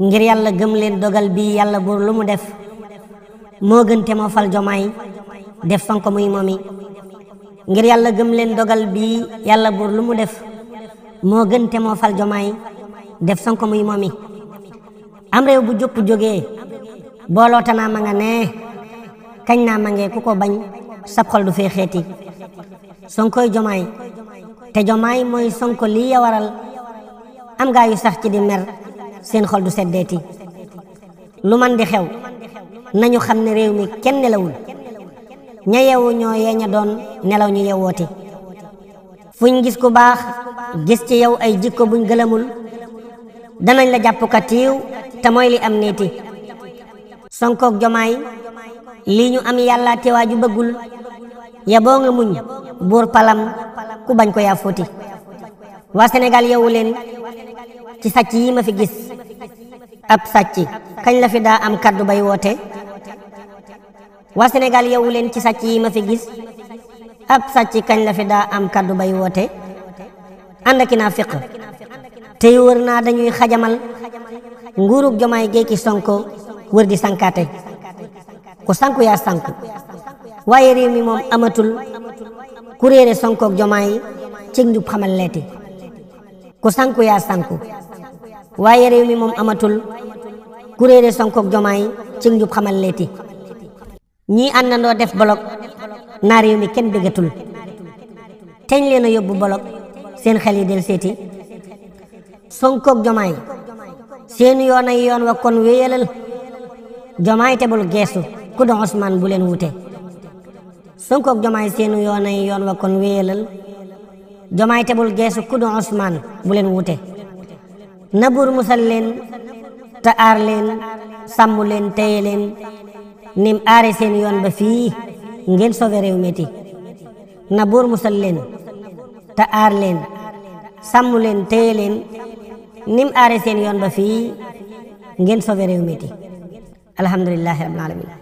ngir yàlla gëm leen dogal bii yàlla buur lu mu def moo gën te moo fal jomaay def fan ko muy moomi ngir yàlla gëm leen dogal bii yàlla buur lu mu def moo gën moo fal jomaay def ko muy moomi am réew bu jópp jógee booloota naa ma nee kañ naa ma ngee ku ko bañ sab xol du fee xeeti sonkoy jomaay te jomaay mooy sonko lii ya am gaa yu sax ci di mer seen xol du seddeeti lu man di xew nañu xam ne réew mi kenn nelawul ña yewu ñoo yee doon nelaw ñu yewooti fuñ gis ku baax gis ci yow ay jikko buñ gëlamul danañ la jàpp ka tiiw te li am niiti sonkoog jomaay lii ñu am yàlla bëggul ya boo nga muñ buur palam ku bañ ko yaa fóoti waa Sénégal ci sàcc yi ma fi gis ab sàcc kañ la fi daa am kaddu bay woote waa Sénégal yow leen ci sacc yi ma fi gis ab sàcc kañ lafi fi daa am kaddu bay woote ànd ak naa fiq tey wër naa dañuy xajamal nguurug jomaay géeki sonko wër di sankaate ku sanku yaa amatul ku réere sonkoog jomaay sanku yaa sanku waaye mi moom amatul kuréere Sonko ak Jomaay ci njub xamal leeti ñii àndandoo def bolok naar réew mi kenn déggatul teñ leen a yóbbu bolok seen xel yi del seeti Sonko ak Jomaay seenu yoon ay yoon wa kon wéyalal Jomaay tebul geesu ku doon Ousmane bu leen wute Sonko ak Jomaay seenu yoon ay yoon wa kon wéyalal Jomaay tebul geesu ku bu leen wute na buur musal leen te aar leen sàmm leen téye leen nim aare seen yoon ba fii ngeen sobe réew métti na buur musal leen te aar leen sàmm leen téye leen nim aare seen yoon ba fii ngeen sobe réew métti alhamdulillahi na alamin